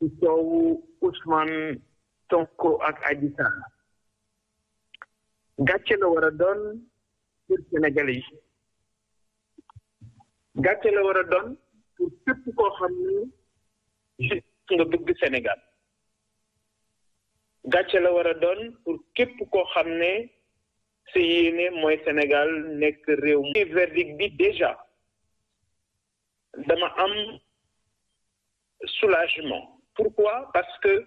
ci coowu Ousmane Sonko ak Adji Sarr la war a doon pour yi gàcce la war a doon képp koo xam ni nga bëgg Sénégal gàcce la war a doon pour képp koo xam ne sa yéene mooy Sénégal nekk réew mi verdict bi déjà dama am soulagement Pourquoi Parce que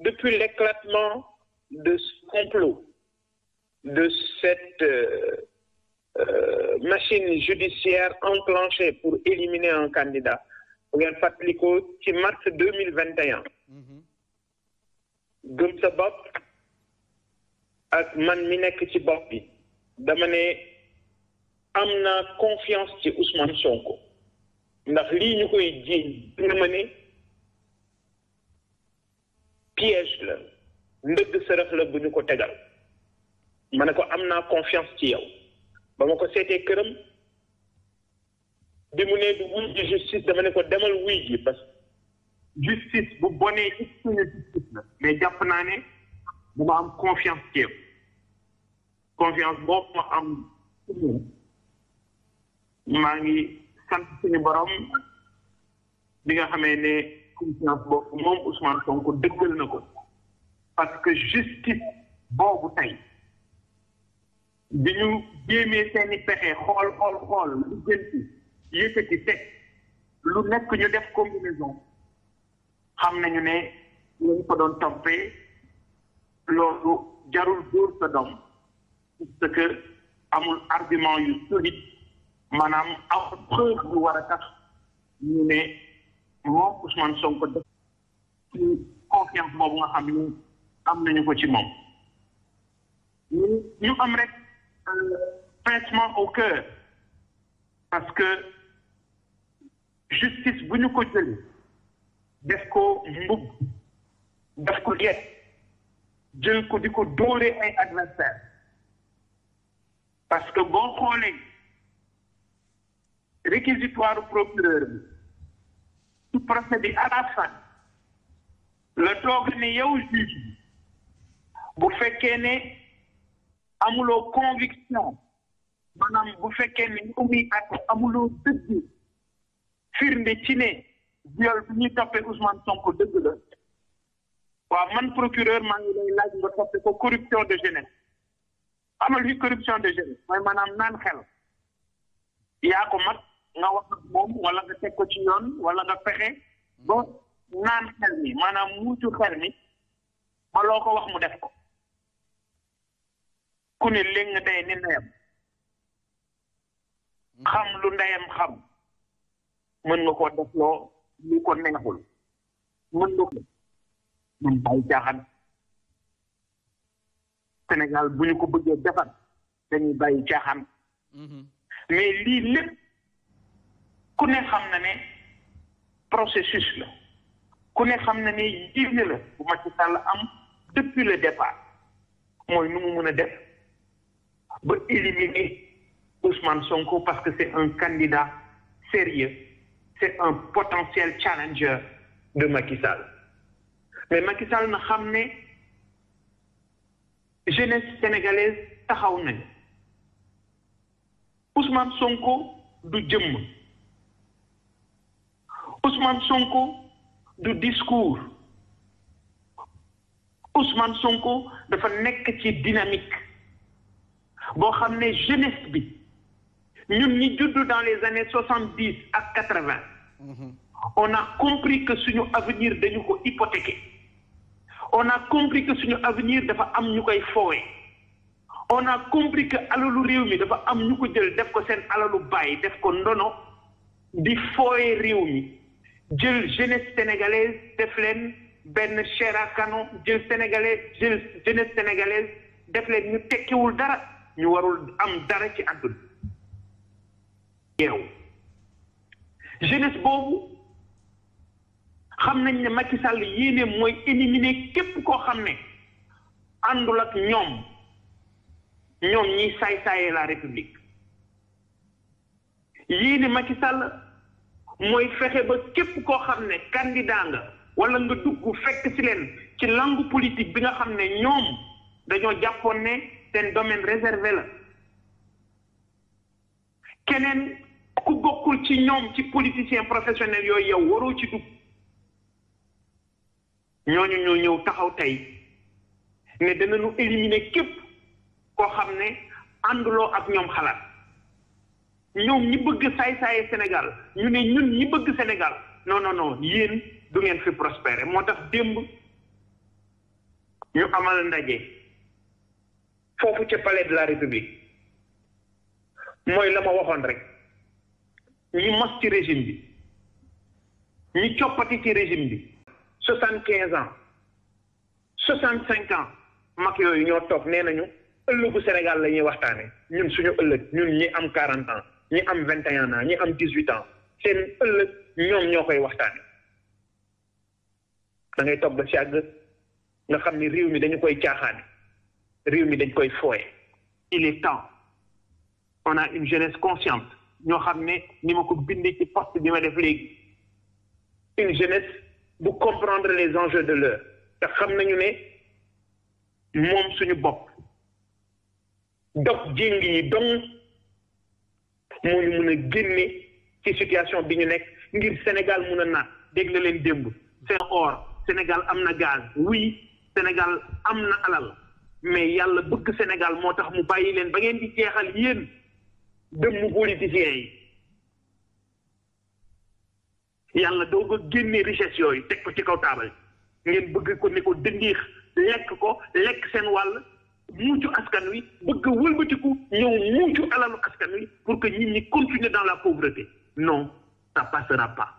depuis l'éclatement de ce complot, de cette euh, euh, machine judiciaire enclenchée pour éliminer un candidat, regarde Patlico, ci mars 2021 mhm. gëm sa bopp ak man mi nekk ci bopp bi dama ne am na confiance ci Ousmane Sonko ndax lii ñu koy jiiñ dina ma piège la ndëgg sërëx la bu ñu ko tegal ma ne ko am naa confiance ci yow ba ma ko seetee këram bi mu nee du wuy ji justice dama ne ko demal wuy ji parce que justice bu bonee it suñu justice la mais jàpp naa ne dama am confiance ci yow confiance boobu ma am maa ngi sant suñu borom bi nga xamee ne conscience boobu moom Ousmane Sonko dëggal na ko parce que justice boobu tey bi ñu jéemee seeni pexe xool xool xool lu gën ci yëkkati teg lu nekk ñu def combinaison xam nañu ne lañ ko doon toppee loolu jarul dóor sa doom parce que amul argument yu solide maanaam am preuve yu war a tax ñu ne moom Ousmane Sonko def confiance boobu nga xam ni am nañu ko ci moom ñu am rek euh, pincement au cœur parce que justice bu ñu ko jëlee def ko mbub def ko yet jël ko di ko doole ay adversaire parce que boo xoolee réquisitoire procureur bi su procès bi à la fin la toog ni yow juge bu fekkee ne amuloo conviction maanaam bu fekkee ne ñu muy at amuloo dëgg firnde ci ne viol bi ñuy toppee Ousmane Sonko dëgg la waaw man procureur maa ngi lay laaj nga toppe ko corruption de jeunesse amal fi corruption de jeunesse mooy maanaam naan xel yaa ko mat nga wax moom wala nga teg ko ci yoon wala nga pexe ba naan xel mi maanaam muucu xel mi ba loo ko wax mu def ko ku ne léng day ni ndeyam hmm. xam lu ndeyam xam mën nga koo def loo lu ko neexul mën nga ko mën bàyyi caaxaan Sénégal bu ñu ko bëggee defar dañuy bàyyi caaxaan hmm. lii lépp ku ne xam na ne processus la ku ne xam na ne yéene la bu Macky Sall am depuis le départ mooy nu mu mën a def ba éliminer Ousmane Sonko parce que c'est un candidat sérieux c'est un potentiel challenger de Macky Sall mais Macky Sall na xam ne jeunesse sénégalaise taxaw nañu Ousmane Sonko du jëmm Ousmane Sonko du discours Ousmane Sonko dafa nekk ci dynamique boo xam ne jeunesse bi ñun ñi juddu dans les années soixante dix ak quatre vingt on a compris que suñu avenir dañu ko hypothéqué on a compris que suñu avenir dafa am ñu koy foowe on a compris que alalu réew mi dafa am ñu ko jël def ko seen alalu bàyyi def ko ndono di foowe réew mi jël jeunesse sénégalaise def leen benn chair jël sénégalaise jël jeunesse sénégalaise def leen ñu tekkiwul dara ñu warul am dara ci àdduna yeew jeunesse boobu xam nañ ne Macky Sall yéene mooy éliminer képp koo xam ne àndul ak ñoom ñoom ñi saay-saaye la république yéene Macky mooy fexe ba képp koo xam ne candidat nga wala nga dugg fekk ci leen ci langue politique bi nga xam ne ñoom dañoo jàppoon ne seen domaine réservé la keneen ku bokkul ci ñoom ci politicien professionnel yooyu yow waroo ci dugg ñooñu ñoo ñëw taxaw tey ne danañu éliminer képp koo xam ne ànduloo ak ñoom xalaat ñoom ñi bëgg saay-saaye Sénégal ñu ne ñun ñi bëgg Sénégal non non non yéen du ngeen fi prospérer moo tax démb ñu amal ndaje foofu ca palais de la république mooy la ma waxoon rek ñi mos ci régime bi ñi coppati ci régime bi soixante quinze ans soixante cinq ans mag yooyu ñoo toog nee nañu ëllëgu Sénégal la ñuy waxtaane ñun suñu ëllëg ñun ñi am quarante ans ñi am vingt et un ans ñi am dix huit ans seen ëllëg ñoom ñoo koy waxtaan dangay ngay toog ba si àgg nga xam ni réew mi dañu koy caaxaan réew mi dañ koy foye il est temps on a une jeunesse consciente ñoo xam ne ni ma ko bind ci poste bi ma def léegi une jeunesse bu comprendre les enjeux de l'heure te xam nañu ne moom suñu bopp dog jéngi yi dong moo ñu mun a génne ci situation bi ñu nekk ngir Sénégal mun a naat dégg na leen démb c'est or Sénégal am na gaz wuy Sénégal am na alal mais yàlla bëgg Sénégal moo tax mu bàyyi leen ba ngeen di jeexal yéen dëmm politiciens yi yàlla doo ko génnee richesse yooyu teg ko ci kaw taabal ngeen bëgg ko ne ko dëndiix lekk ko lekk seen wàll muucu askan wi bëgg a wëlbatiku ñëw muucu alalu askan wi pour que nit ñi continuer dans la pauvreté non ça passera pas.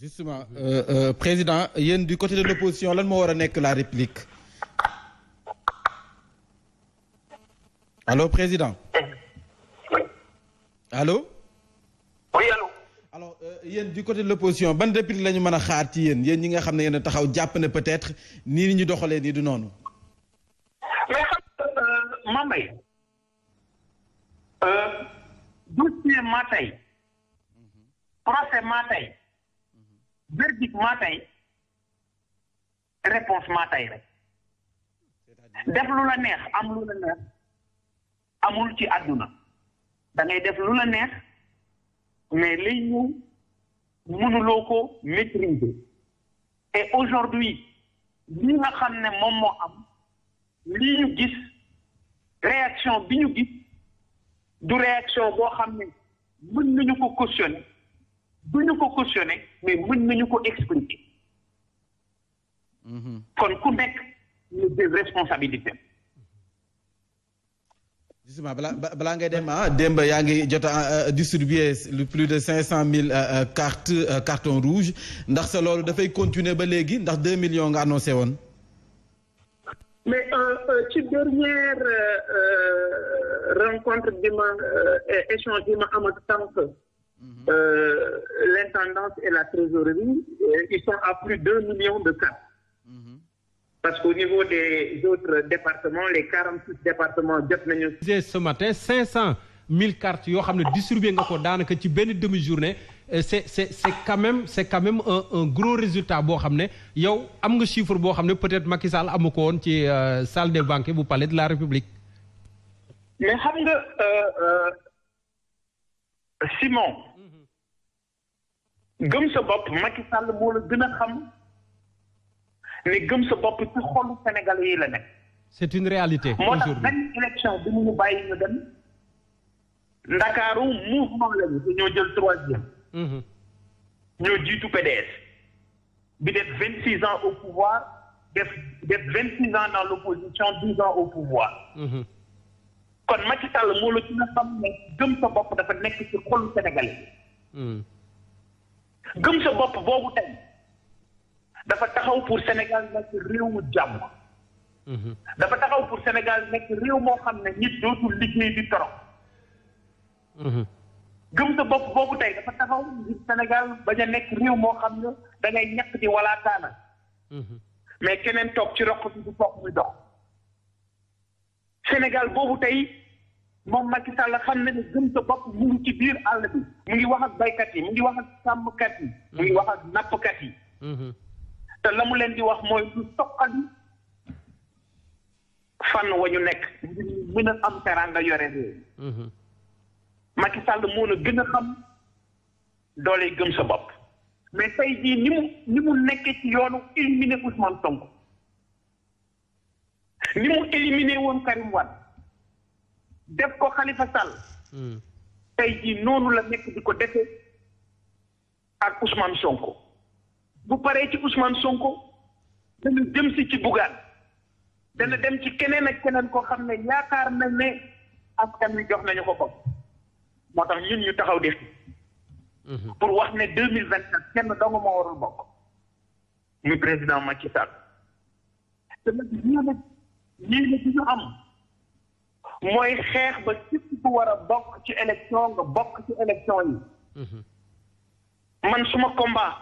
justement euh, euh président yéen du côté de l'opposition lan moo war a nekk la réplique allô président. allô. oui allô. alors euh, yéen du côté de l'opposition ban réplique la ñu mën a xaar ci yéen yéen ñi nga xam ne yéen a taxaw jàpp ne peut-être nii ni ñu doxalee nii du noonu. Mambay euh, dossier maa tey procès maa tey verdict maa tey réponse maa tey rek def lu la neex am lu la neex amul ci adduna dangay ngay def lu la neex mais liy ñëw mënuloo ko maîtriser et aujourd'hui li nga xam ne moom moo am li ñu gis réaction bi ñu gis du réaction boo xam ne mën nañu ko cautionner du ñu ko cautionner mais mën nañu ko expliquer mhm. kon ku nekk ñu jël responsabilité justement balaa ngay dem ah démb yaa ngi jot a euh, distribuer plus de cinq cent mille euh, euh, cartes carton rouge ndax sa loolu dafay continuer ba léegi ndax deux millions nga annoncé woon mais euh, euh, ci dernière euh, rencontre bi ma échange bi ma am ak tànk l'intendance et la trésorerie ils sont à plus de deux millions de cas mhm. parce qu'au niveau des autres départements les quarante six départements jot nañu ce matin cinq cent mille cartes yoo xam ne distribué nga ko daanaka ci benn demi journée Euh, c'est c'est c'est quand même c'est quand même un gros résultat boo xam ne yow am nga chiffre boo xam ne peut-être Macky Sall amu ko woon ci euh, salle des banque bu palais de la République. mais xam nga euh, Simon. gëm sa bopp Macky moo la gën a xam ne gëm sa bopp ci xolu Sénégalais yi la nekk. c'est une réalité aujourd'hui moo tax benn élection bi mu bàyyi ñu dem. Ndakaaru mouvement lañu dañoo jël troisième. Mhm. ñoo jiitu PDS bi def vingt six ans au pouvoir def def vingt six ans dans l'opposition douze ans au pouvoir mhm. kon Macky Sall moo la gën a xam ne gëm sa bopp dafa nekk ci xolu sénégalais mhm. gëm sa bopp boobu tey dafa taxaw pour Sénégal nekk réew mu jàmm dafa taxaw pour Sénégal nekk réew moo xam ne nit dootul liggéey di torop gëm sa bopp boobu tey dafa taxaw ngir Sénégal bañ a nekk réew moo xam ne da ngay ñàkk di walaataana mhm. mais keneen toog ci roq bi du toog muy dox Sénégal boobu tey moom Macky Sall xam na ne gëm sa bopp mu ngi ci biir àll mu ngi wax ak baykat yi mu ngi wax ak sàmmkat yi mu ngi wax ak nappkat yi mhm. te la mu leen di wax mooy du soqali fan wa nekk ngir mën am teranga yore réew Macky Sall moo la gën a xam doole gëm sa bopp mais tey jii ni mu ni mu nekkee ci yoonu éliminé Ousmane Sonko ni mu éliminé woon Karim Wade def ko Khalifa Sall hmm. tey jii noonu la nekk di ko defee ak Ousmane Sonko bu paree ci Ousmane Sonko dana jëm si ci Bougane dana hmm. dem ci keneen ak keneen koo xam ne yaakaar na ne askan wi jox nañu ko bopp moo tax ñun ñu taxaw de def mhm. pour wax ne deux mille vingt quatre kenn dong moo warul bokk ñu président Macky Sall te nag yéene yéene bi ñu am mooy xeex ba képp ku war a bokk ci élection nga bokk ci élection yi mhm. man suma combat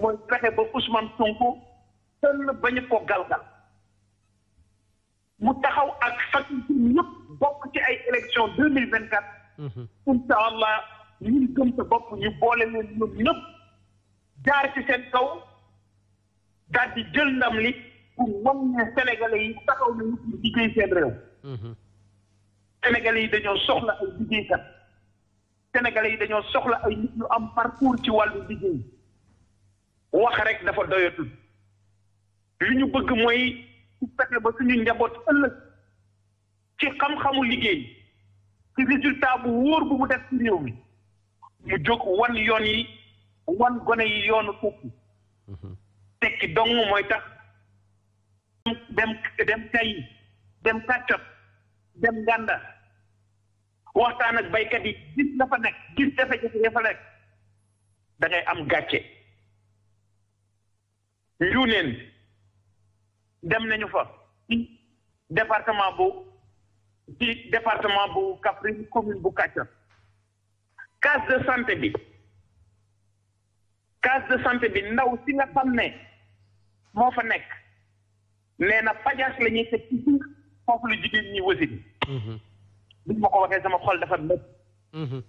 mooy fexe ba Ousmane Sonko tënn bañu ko galgal mu taxaw ak faculté yëpp bokk ci ay élection deux mille vingt quatre incha allah ñun gëm sa bopp ñu boole leen ñoom ñëpp jaar ci seen kaw daal di jël ndam li pour moom ne sénégalais yi taxaw nañu pour seen réew. Mhm. sénégalais yi dañoo soxla ay yi dañoo soxla ay nit ñu am parcours ci wàllu liggéey wax rek dafa doyatul li ñu bëgg mooy su fexe ba suñu njaboot ëllëg ci xam-xamu liggéey. ci résultat bu wóor bu def ci mi mu jóg wan yoon yi wan gone yi yoonu tukki mhm. tekki dong mooy tax dem dem kayi dem kàccot dem ngànda waxtaan ak baykat yi gis la fa nekk gis jafe-jafe ya fa nekk am gàcce njuuneen dem nañu fa departement bu ci département bu Kaffrine commune bu Kaccor case de santé bi case de santé bi ndaw si nga xam ne moo fa nekk nee na pajaas lañuy ñuy teg ci biir foofu la jigéen ñi wasin biñ mhm. ma ko waxee sama xol dafa métt mhm.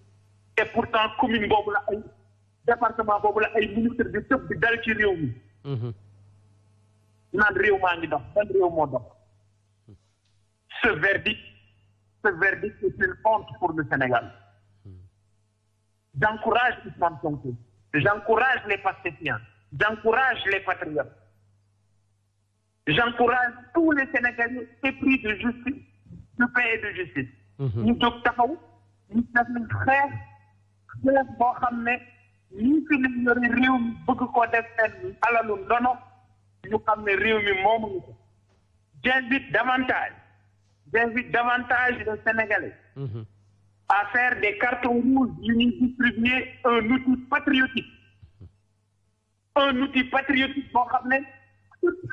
et pourtant commune boobu la ay département boobu la ay ministre bi tëb bi dal ci réew mi mhm. naan réew maa ngi dox ban réew moo dox ce verdict ce verdict est une honte pour le Sénégal. J'encourage Ousmane Sonko, j'encourage les pastéfiens, j'encourage les patriotes, j'encourage tous les Sénégalais épris de justice, de paix de justice. Mhm. ñu jóg taxaw ñu def nañ xeex xeex boo xam ne ñi fi nañ yore réew xam réew mi moomuñu ko. davantage. j'invite davantage les Sénégalais mmh. à faire des cartons rouges yu ñuy un outil patriotique un outil patriotique boo xam ne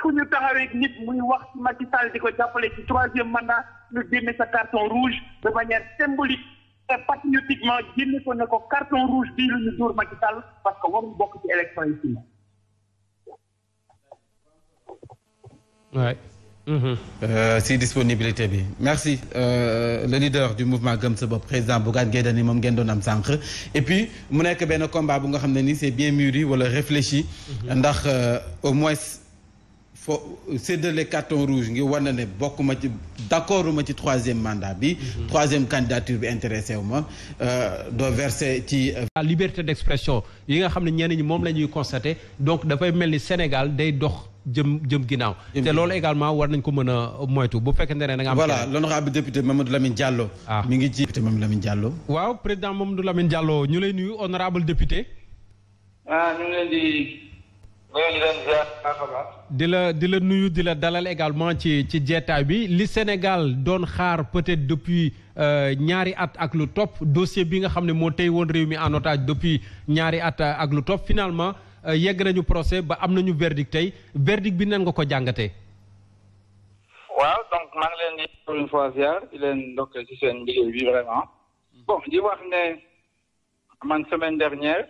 fu ñu taxawee nit muy wax ci Macky Sall di ko jàppale ci troisième mandat ñu génne sa carton rouge de manière symbolique et patriotiquement génne ko ne ko carton rouge bii lu ñu dóor Macky Sall parce que waruñu bokk ci élection yi ci Mm-hmm. Euh, si disponibilité bi merci euh, le leader du mouvement Gëm sa bopp président Bougane Gueye Dany moom ngeen doon am sànq et puis mu nekk benn combat bu nga xam ne nii c'est bien mûri wala réfléchi mm-hmm. ndax euh, au mois fo séddale carton rouge ngi war na ne bokk ma ci d'accord ma ci troisième mandat bi. Mhm. troisième candidature bi intéressé wu ma euh, doo verser ci. Euh, la liberté d'expression yi nga xam ne ñenn ñi moom la ñuy constater donc dafay mel ni Sénégal day dox jëm jëm ginnaaw. te loolu également war nañ ko mën a moytu bu fekkente ne da nga am. voilà l'honorable député Mamadou Lamine Diallo. Ah. mi ngi ci député Mamadou Lamine Diallo. waaw président Mamadou Lamine Diallo ñu lay di la di la nuyu di la dalal également ci ci jeetaay bi li Sénégal doon xaar peut-être depuis euh, ñaari at ak lu topp dossier bi nga xam ne moo tey woon réew mi en otage depuis ñaari at euh, ak lu top finalement euh, yegg nañu procès ba am nañu verdict tey verdict bi nan nga ko jàngatee. waaw donc maa leen di wax ne man semaine dernière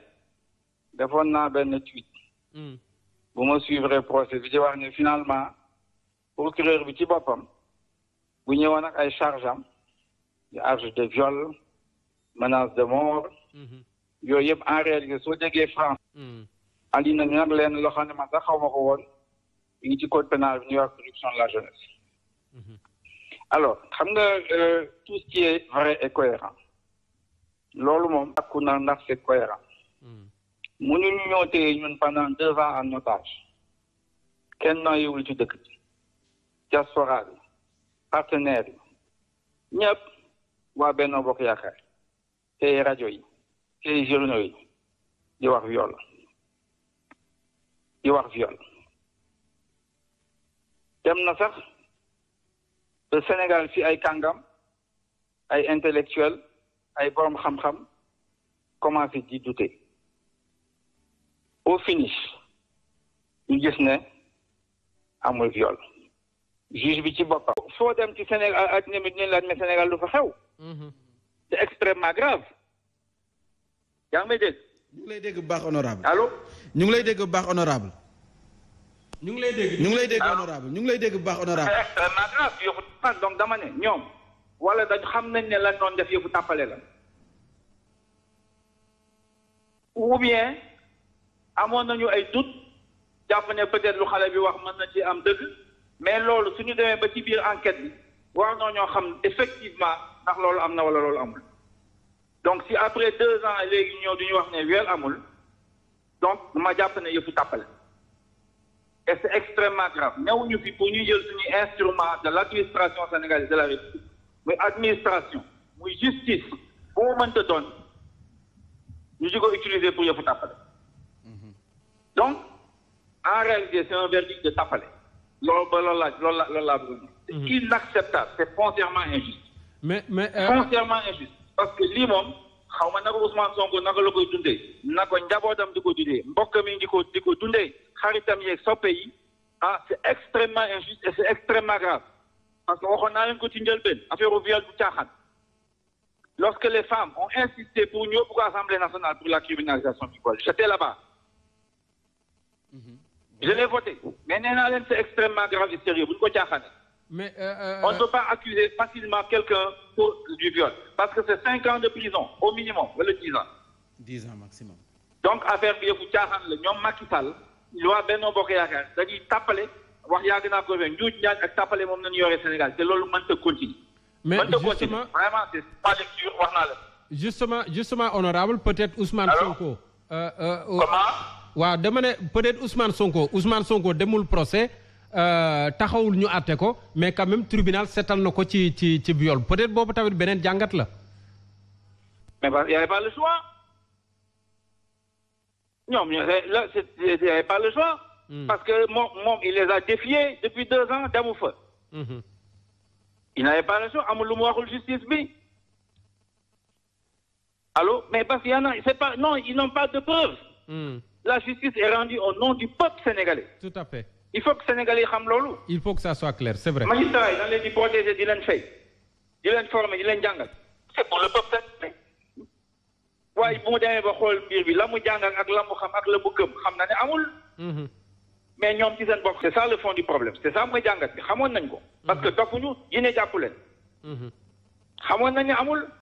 defoon naa benn tweet. Hmm. bu ma suivre procès bi ci wax ne finalement procureur bi ci boppam bu a ak ay charge am charge de viol menace de mort mhm. yooyu yëpp en réalité soo déggee France mhm. andi nañu nag leen loo xam ne man sax xaw ma ko woon ñu ngi ci code pénal bi de la jeunesse mhm. alors xam nga euh, tout ce qui est vrai et cohérent loolu moom takku na ndax c'est cohérent mënuñu ñoo téye ñun pendant deux ans en otage kenn nooyiwul ci dëkk bi diaspora bi partenaire yi ñëpp waa Benno Bokk Yaakaar tey rajo yi tey journaux yi di wax viol di wax viol dem na sax Sénégal fi ay kàngam ay intellectuel ay borom xam-xam commencé di douter o finish ñu gis ne amul viol juge bi ci boppam. foo dem ci Sénégal àddina senegal dinañ la ne lu fa xew. Mhm. c'est extrêmement grave. yaa ngi may dégg. ñu lay dégg bu baax honorable allo. ñu ngi lay dégg bu baax honorable ñu ngi lay dégg ñu ngi lay dégg honorable ñu ngi lay dégg bu baax honorable c'est extrêmement grave yëfu tàppale donc dama ne ñoom. wala dañ xam nañ ne lan doon def yëfu tàppale la. ou bien. amoon nañu ay doute jàpp ne peut-être lu xale bi wax mën na ci am dëgg mais loolu suñu demee ba ci biir enquête bi war ñoo xam effectivement ndax loolu am na wala loolu amul donc si après deux ans léegi ñëw du ñu wax ne weel amul donc ma jàpp ne yëpp tàppale et c' est extrêmement grave ñëwuñu fi pour ñu jël suñu instrument de l' administration sénégalaise de la République muy administration muy justice bu mu mënta doon ñu di ko utiliser pour yëfu tàppale donc en réalité c'est un verdict de tappale loolu ba loolu laa loolu la loolu laa bëgg c'est mhm. inacceptable c'est foncièrement injuste mais mais euh, foncièrement injuste parce que lii moom xaw ma naka Ousmane Sonko naka la koy dundee na ko njabootam di ko dundee mbokk mi di ko di ko dundee xaritam yeeg soppe yi ah c'est extrêmement injuste et c'est extrêmement grave parce que waxoon naa leen ko ci njëlbeen affaire u viol bu caaxaan lorsque les femmes ont insisté pour ñu yóbbu ko Assemblée nationale pour la criminalisation du viol j'étais là-bas je l'ai voté mais nee naa leen c'est extrêmement grave et sérieux ko caaxaane mais euh, euh, euh, on ne peut pas accuser facilement quelqu'un pour du viol parce que c'est cinq ans de prison au minimum wala dix ans. dix ans maximum. donc affaire bi yëfu caaxaan la ñoom Macky Sall lu waa Benno Bokk Yaakaar dañuy tàppale wax yàgg naa ko njuuj ñaaj ak tàppale moom nañu yore Sénégal te loolu mënta continuer. mais justement vraiment c'est pas lecture wax naa la. justement justement honorable peut-être Ousmane Sonko. Euh, euh, comment. waaw dama ne peut-être Ousmane Sonko Ousmane Sonko demul procès euh, taxawul ñu àtte ko mais quand même tribunal seetal na ko ci ci ci viol peut-être boobu tamit beneen jàngat la. mais y avait pas le choix ñoom là y avait pas le choix. Hmm. parce que moom moom il les a défiés depuis deux ans demu fa. il n'avait pas le choix amul lu mu waxul justice bi allô mais parce que y c'est pas non ils n'ont pas de preuves. Hmm. la justice est rendue au nom du peuple sénégalais. tout à fait. il faut que sénégalais yi xam loolu. il faut que ça soit clair c'est vrai. magistrat yi dañ leen di protéger di leen fay di leen former di leen jàngal. c'est pour le peuple sénégalais. waaye bu mu demee ba xool mbir bi la mu jàngal ak la mu xam ak la mu gëm xam na ne amul. Mhm. mais ñoom ci seen bopp c'est ça le fond du problème c'est ça mooy jàngat bi xamoon nañ ko. parce que mhm. topp ñu yéen a jàpp leen. Mhm. xamoon nañ ne